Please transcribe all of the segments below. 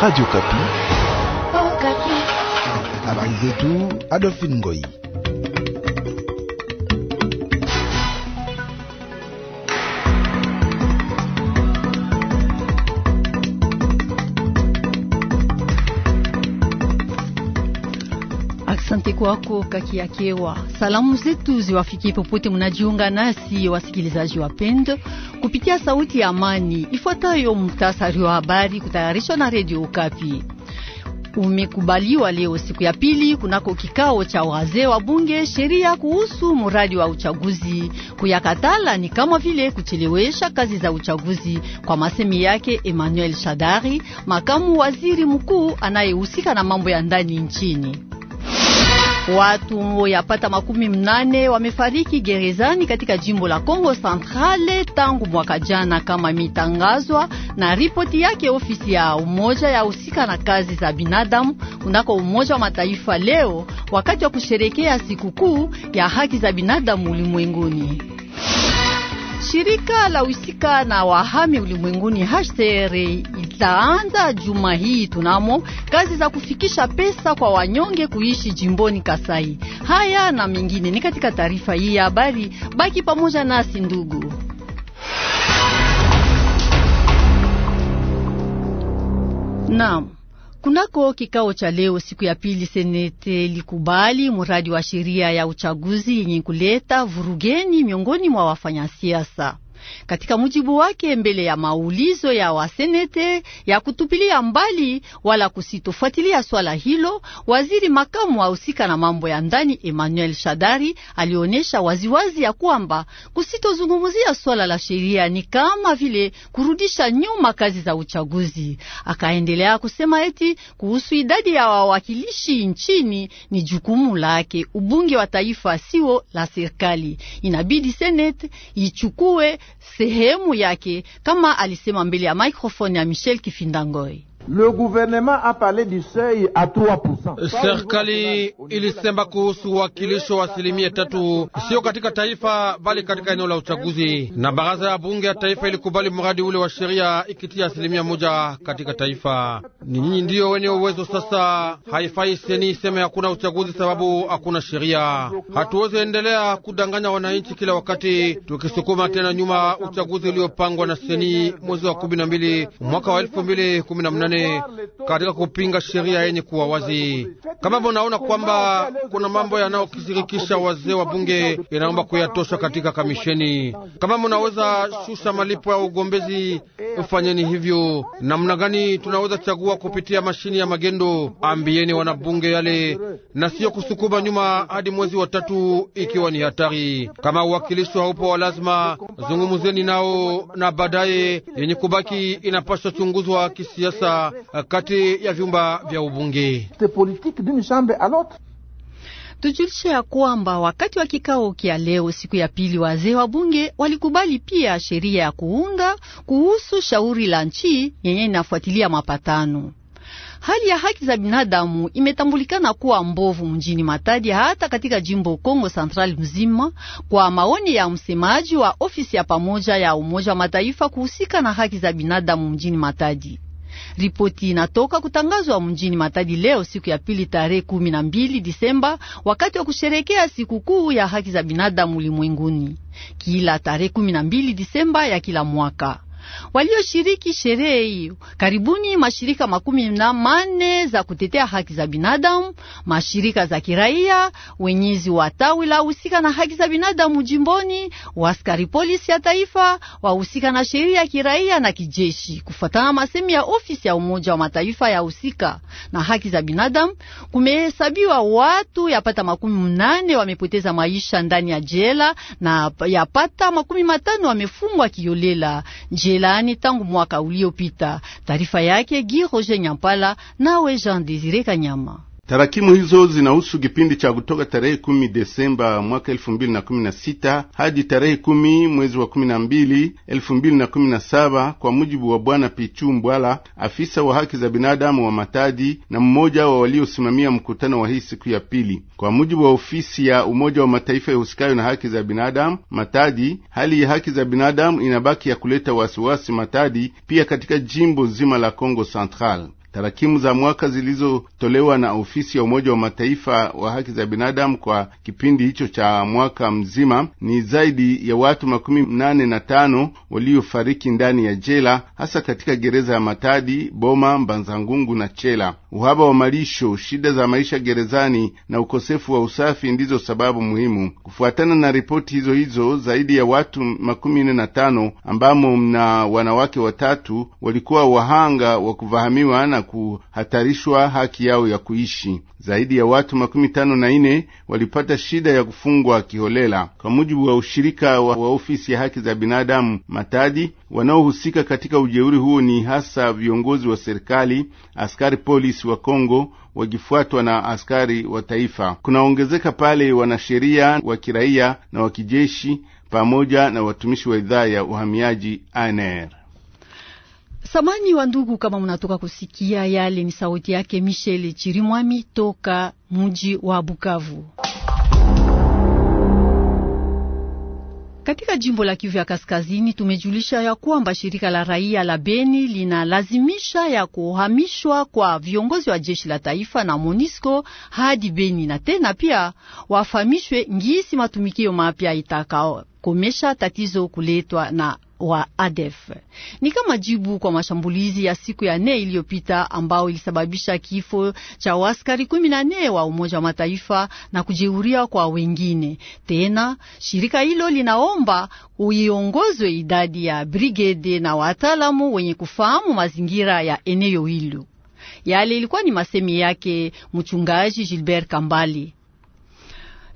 Radio Kapi. Oh, Kapi. Habari zetu Adolphine Ngoi. kwako Kakiakewa. Salamu zetu ziwafikie popote munajiunga nasi, wasikilizaji wapendo, kupitia Sauti ya Amani. Ifuatayo muhtasari wa habari kutayarishwa na Redio Ukapi. Umekubaliwa leo siku ya pili kunako kikao cha wazee wa bunge sheria kuhusu mradi wa uchaguzi. Kuyakatala ni kama vile kuchelewesha kazi za uchaguzi, kwa masemi yake Emmanuel Shadari, makamu waziri mkuu anayehusika na mambo ya ndani nchini. Watu yapata makumi mnane wamefariki gerezani katika jimbo la Kongo Centrale tangu mwaka jana, kama imetangazwa na ripoti yake ofisi ya umoja ya husika na kazi za binadamu kunako Umoja wa Mataifa leo wakati wa kusherekea sikukuu ya haki za binadamu ulimwenguni. Shirika la uhusika na wahami ulimwenguni HCR itaanza juma hii tunamo kazi za kufikisha pesa kwa wanyonge kuishi jimboni Kasai. Haya na mengine ni katika taarifa hii ya habari. Baki pamoja nasi ndugu. Naam. Kunako kikao cha leo siku ya pili, senete likubali mradi wa sheria ya uchaguzi yenye kuleta vurugeni miongoni mwa wafanyasiasa. Katika mujibu wake mbele ya maulizo ya wasenete ya kutupilia mbali wala kusitofuatilia swala hilo, waziri makamu ahusika na mambo ya ndani Emmanuel Shadari alionyesha waziwazi ya kwamba kusitozungumzia swala la sheria ni kama vile kurudisha nyuma kazi za uchaguzi. Akaendelea kusema eti kuhusu idadi ya wawakilishi nchini ni jukumu lake ubunge wa taifa, sio la serikali. Inabidi senete ichukue sehemu yake, kama alisema mbele ya mikrofoni ya Michel Kifindangoi. Eh, serikali ilisema kuhusu uwakilisho wa asilimia tatu, sio katika taifa bali katika eneo la uchaguzi, na baraza ya bunge ya taifa ilikubali mradi ule wa sheria ikitia asilimia moja katika taifa. Ni nyinyi ndiyo wenye uwezo sasa. Haifai seni iseme hakuna uchaguzi sababu hakuna sheria. Hatuwezi endelea kudanganya wananchi kila wakati, tukisukuma tena nyuma uchaguzi uliopangwa na seni mwezi wa kumi na mbili mwaka wa elfu mbili kumi na nane nane katika kupinga sheria yenye kuwa wazi. Kama munaona kwamba kuna mambo yanayokishirikisha wazee wa bunge, inaomba kuyatosha katika kamisheni. Kama munaweza shusha malipo ya ugombezi, fanyeni hivyo. Namna gani tunaweza chagua kupitia mashini ya magendo? Ambieni wanabunge yale na siyo kusukuma nyuma hadi mwezi wa tatu, ikiwa ni hatari. Kama uwakilishi haupo wa lazima, zungumuzeni nao, na baadaye yenye kubaki inapaswa chunguzwa kisiasa. Eh, kati ya vyumba vya ubunge. Tujulishe ya kwamba wakati wa kikao kia leo siku ya pili, wazee wa bunge walikubali pia sheria ya kuunga kuhusu shauri la nchi yenye inafuatilia mapatano. Hali ya haki za binadamu imetambulikana kuwa mbovu mjini Matadi, hata katika jimbo Kongo Central mzima, kwa maoni ya msemaji wa ofisi ya pamoja ya Umoja wa Mataifa kuhusika na haki za binadamu mjini Matadi. Ripoti inatoka kutangazwa mjini Matadi leo siku ya pili tarehe kumi na mbili Disemba wakati wa kusherekea sikukuu ya haki za binadamu ulimwenguni kila tarehe kumi na mbili Disemba ya kila mwaka walioshiriki sherehe hiyo. Karibuni mashirika makumi na mane za kutetea haki za binadamu, mashirika za kiraia, wenyezi wa tawi la husika na haki za binadamu jimboni, waskari polisi ya taifa wahusika na sheria ya kiraia na kijeshi, kufuatana masemi ya ofisi ya Umoja wa Mataifa ya husika na haki za binadamu. Kumehesabiwa watu yapata makumi mnane wamepoteza maisha ndani ya jela na yapata makumi matano wamefungwa kiolela. Je, ameilaani tangu mwaka uliopita. Taarifa yake Gi Roger Nyampala nawe Jean Desire Kanyama. Tarakimu hizo zinahusu kipindi cha kutoka tarehe kumi Desemba mwaka elfu mbili na kumi na sita hadi tarehe kumi mwezi wa kumi na mbili elfu mbili na kumi na saba kwa mujibu wa Bwana Pichu Mbwala, afisa wa haki za binadamu wa Matadi na mmoja wa waliosimamia mkutano wa hii siku ya pili. Kwa mujibu wa ofisi ya Umoja wa Mataifa yahusikayo na haki za binadamu Matadi, hali ya haki za binadamu inabaki ya kuleta wasiwasi Matadi, pia katika jimbo zima la Kongo Central. Tarakimu za mwaka zilizotolewa na ofisi ya Umoja wa Mataifa wa haki za binadamu kwa kipindi hicho cha mwaka mzima ni zaidi ya watu makumi nane na tano waliofariki ndani ya jela, hasa katika gereza ya Matadi, Boma, Mbanzangungu na Chela. Uhaba wa malisho, shida za maisha gerezani na ukosefu wa usafi ndizo sababu muhimu. Kufuatana na ripoti hizo hizo, zaidi ya watu makumi nne na tano ambamo mna wanawake watatu walikuwa wahanga wa kuvahamiwa na kuhatarishwa haki yao ya kuishi. Zaidi ya watu makumi tano na nne walipata shida ya kufungwa kiholela, kwa mujibu wa ushirika wa, wa ofisi ya haki za binadamu Matadi. Wanaohusika katika ujeuri huo ni hasa viongozi wa serikali, askari polisi wa Kongo wakifuatwa na askari wa taifa. Kunaongezeka pale wanasheria wa kiraia na wa kijeshi pamoja na watumishi wa idhaa ya uhamiaji ANR. Samani wa ndugu, kama munatoka kusikia yale, ni sauti yake Michele Chirimwami toka muji wa Bukavu katika jimbo la Kivu ya Kaskazini. Tumejulisha ya kwamba shirika la raia la Beni linalazimisha ya kuhamishwa kwa viongozi wa jeshi la taifa na MONUSCO hadi Beni, na tena pia wafahamishwe ngisi matumikio mapya itakao kukomesha tatizo kuletwa na wa ADF e ni kama jibu kwa mashambulizi ya siku ya nne iliyopita ambao ilisababisha kifo cha waskari kumi na nne wa Umoja wa Mataifa na kujeruhiwa kwa wengine. Tena shirika hilo linaomba uiongozwe idadi ya brigade na wataalamu wenye kufahamu mazingira ya eneo hilo. Yale ilikuwa ni masemi yake mchungaji Gilbert Kambali.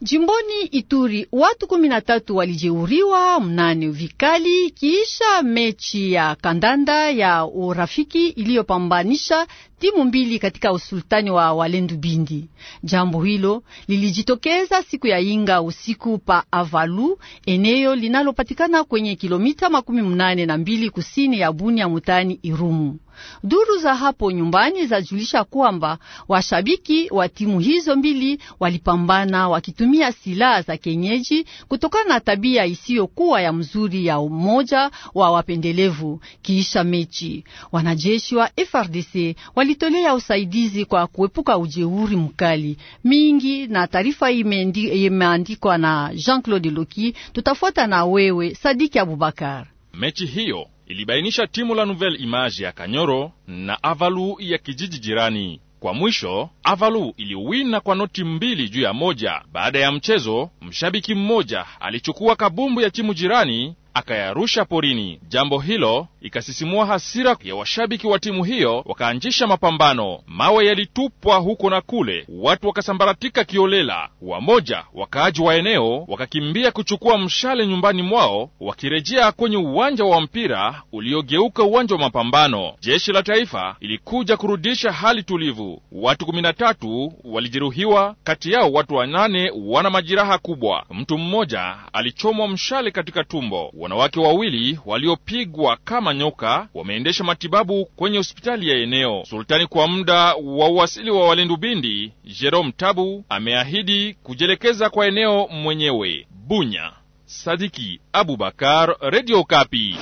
Jimboni Ituri watu kumi na tatu walijeuriwa mnane vikali kiisha mechi ya kandanda ya urafiki iliyopambanisha timu mbili katika usultani wa Walendu Bindi. Jambo hilo lilijitokeza siku ya Inga usiku pa Avalu, eneo linalopatikana kwenye kilomita makumi mnane na mbili kusini ya Bunia mutani Irumu. Duru za hapo nyumbani zajulisha kwamba washabiki wa timu hizo mbili walipambana wakitumia silaha za kienyeji kutokana na tabia isiyokuwa ya mzuri ya umoja wa wapendelevu. Kiisha mechi, wanajeshi wa FRDC walitolea usaidizi kwa kuepuka ujeuri mkali mingi, na taarifa imeandikwa na Jean-Claude Loki. Tutafuata na wewe Sadiki Abubakar. Mechi hiyo ilibainisha timu la Nouvelle Image ya Kanyoro na Avalu ya kijiji jirani. Kwa mwisho Avalu iliwina kwa noti mbili juu ya moja. Baada ya mchezo, mshabiki mmoja alichukua kabumbu ya timu jirani akayarusha porini. Jambo hilo ikasisimua hasira ya washabiki wa timu hiyo, wakaanzisha mapambano. Mawe yalitupwa huko na kule, watu wakasambaratika kiolela. Wamoja wakaaji wa eneo wakakimbia kuchukua mshale nyumbani mwao, wakirejea kwenye uwanja wa mpira uliogeuka uwanja wa mapambano. Jeshi la taifa ilikuja kurudisha hali tulivu. Watu 13 walijeruhiwa, kati yao watu wanane wana majeraha kubwa. Mtu mmoja alichomwa mshale katika tumbo. Wanawake wawili waliopigwa kama nyoka wameendesha matibabu kwenye hospitali ya eneo. Sultani kwa muda wa uwasili wa Walendu Bindi, Jerome Tabu ameahidi kujielekeza kwa eneo mwenyewe. Bunya, Sadiki Abubakar, Radio Kapi.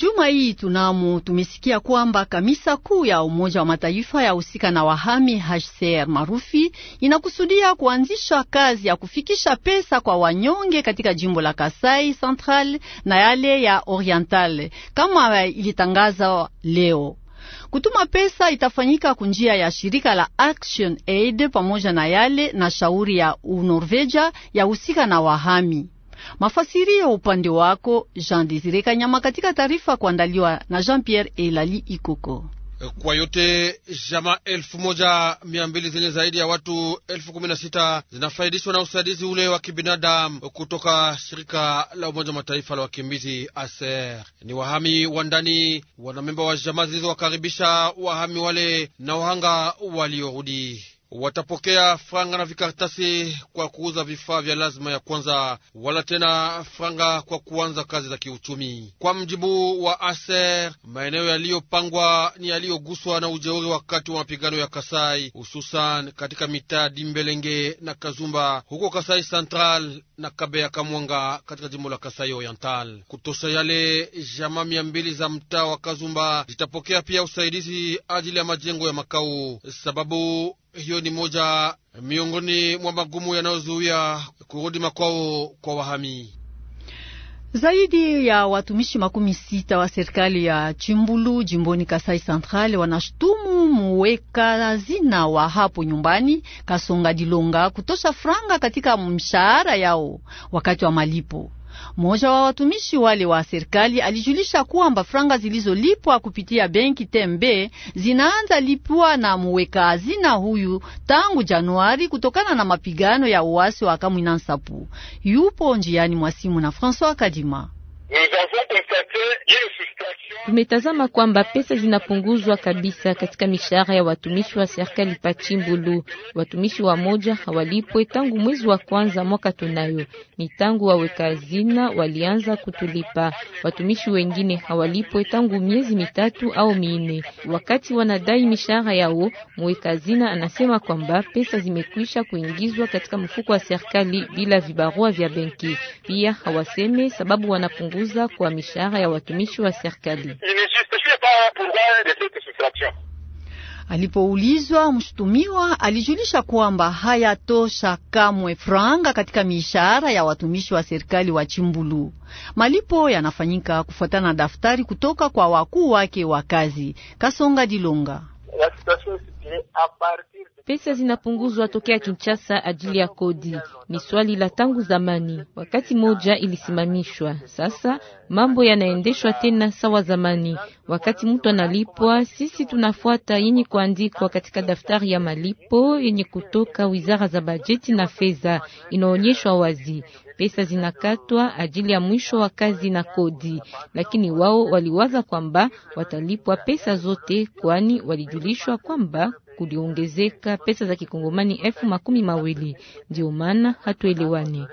Juma hii tunamo tumesikia kwamba kamisa kuu ya Umoja wa Mataifa ya husika na wahami HCR marufi inakusudia kuanzisha kazi ya kufikisha pesa kwa wanyonge katika jimbo la Kasai Central na yale ya Oriental kama ilitangaza leo. Kutuma pesa itafanyika kunjia ya shirika la Action Aid pamoja na yale na shauri ya Unorveja ya husika na wahami. Mafasirio upande wako Jean Desire Kanyama, katika taarifa kuandaliwa na Jean Pierre Elali Ikoko. Kwa yote jamaa elfu moja mia mbili zenye zaidi ya watu elfu kumi na sita zinafaidishwa na usaidizi ule wa kibinadamu kutoka shirika la Umoja Mataifa la wakimbizi ASER. Ni wahami wa ndani, wanamemba wa jamaa zilizowakaribisha wahami wale na wahanga waliorudi watapokea franga na vikaratasi kwa kuuza vifaa vya lazima ya kwanza, wala tena franga kwa kuanza kazi za kiuchumi. Kwa mjibu wa Aser, maeneo yaliyopangwa ni yaliyoguswa na ujeuri wakati wa mapigano ya Kasai, hususan katika mitaa Dimbelenge na Kazumba huko Kasai Central na Kabeya Kamwanga katika jimbo la Kasai Oriental. Kutosha yale jamaa mia mbili za mtaa wa Kazumba zitapokea pia usaidizi ajili ya majengo ya makao sababu hiyo ni moja miongoni mwa magumu yanayozuia kurudi makwao kwa wahami. Zaidi ya watumishi makumi sita wa serikali ya Chimbulu jimboni Kasai Central wanashutumu muweka hazina wa hapo nyumbani Kasonga Dilonga kutosha franga katika mshahara yao wakati wa malipo. Mmoja wa watumishi wale wa serikali alijulisha kwamba franga zilizolipwa kupitia benki Tembe zinaanza lipwa na muweka hazina huyu tangu Januari kutokana na mapigano ya uasi wa Kamwina Nsapu. Yupo njiani mwa simu na François Kadima. Tumetazama kwamba pesa zinapunguzwa kabisa katika mishahara ya watumishi wa serikali Pachimbulu. Watumishi wa moja hawalipwe tangu mwezi wa kwanza mwaka tunayo, ni tangu wawekazina walianza kutulipa. Watumishi wengine hawalipwe tangu miezi mitatu au minne. Wakati wanadai mishahara yao, mwekazina anasema kwamba pesa zimekwisha kuingizwa katika mfuko wa serikali bila vibarua vya benki. Pia hawaseme sababu wanapunguza kwa mishahara ya watumishi watumishi wa serikali. Alipoulizwa, mshutumiwa alijulisha kwamba hayatosha kamwe franga katika mishahara ya watumishi wa serikali wa Chimbulu. Malipo yanafanyika kufuatana na daftari kutoka kwa wakuu wake wa kazi. Kasonga Dilonga Pesa zinapunguzwa tokea Kinshasa ajili ya kodi, ni swali la tangu zamani. Wakati moja ilisimamishwa, sasa mambo yanaendeshwa tena sawa zamani. Wakati mtu analipwa, sisi tunafuata yenye kuandikwa katika daftari ya malipo yenye kutoka wizara za bajeti na fedha, inaonyeshwa wazi pesa zinakatwa ajili ya mwisho wa kazi na kodi, lakini wao waliwaza kwamba watalipwa pesa zote, kwani walijulishwa kwamba kuliongezeka pesa za kikongomani elfu makumi mawili. Ndio maana hatuelewani.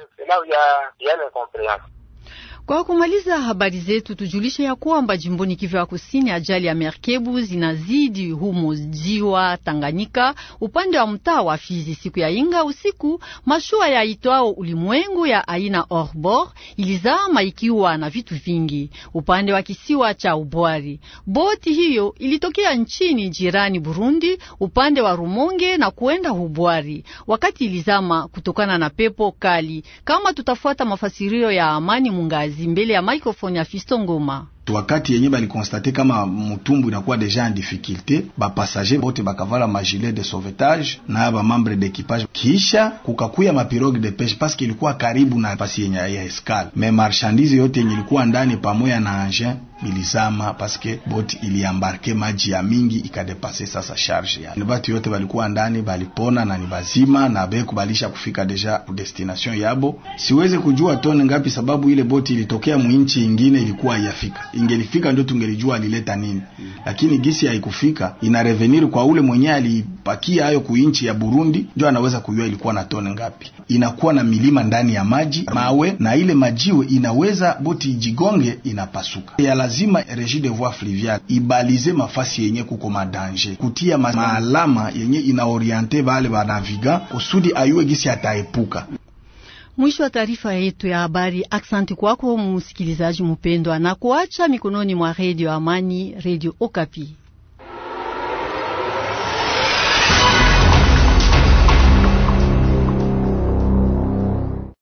Kwa kumaliza habari zetu, tujulishe ya kwamba jimboni Kivu ya Kusini, ajali ya merkebu zinazidi humo ziwa Tanganyika upande wa mtaa wa Fizi siku ya inga usiku. Mashua ya itwao Ulimwengu ya aina Orbor ilizama ikiwa na vitu vingi upande wa kisiwa cha Ubwari. Boti hiyo ilitokea nchini jirani Burundi upande wa Rumonge na kuenda Ubwari wakati ilizama kutokana na pepo kali, kama tutafuata mafasirio ya Amani Mungazi kazi mbele ya maikrofoni ya Fisto Ngoma wakati yenye balikonstate kama mutumbu inakuwa deja en difficulté, bapasager bote bakavala magilet de sauvetage na bamambre d'équipage, kisha kukakuya mapirogue de peshe paske ilikuwa karibu na pasi yenye ya escale me marchandise yote yenye ilikuwa ndani pamoja na engin ilizama paske boti iliambarke maji ya mingi ikadepase sasa charge ya batu yote balikuwa ndani balipona na ni bazima na beku balisha kufika deja destination yabo. Siweze kujua tone ngapi, sababu ile boti ilitokea mwinchi ingine ilikuwa yafika ingelifika ndio tungelijua alileta nini, lakini gisi haikufika. Ina revenir kwa ule mwenyewe alipakia hayo kuinchi ya Burundi, ndio anaweza kujua ilikuwa na tone ngapi. Inakuwa na milima ndani ya maji mawe, na ile majiwe inaweza boti jigonge, inapasuka. Ya lazima regi de voie fluviale ibalize mafasi yenye kuko madanje, kutia maalama yenye inaoriente vale banaviga kusudi ayue gisi ataepuka. Mwisho wa taarifa yetu ya habari. Aksanti kwako msikilizaji mpendwa, na kuacha mikononi mwa Redio Amani, Redio Okapi.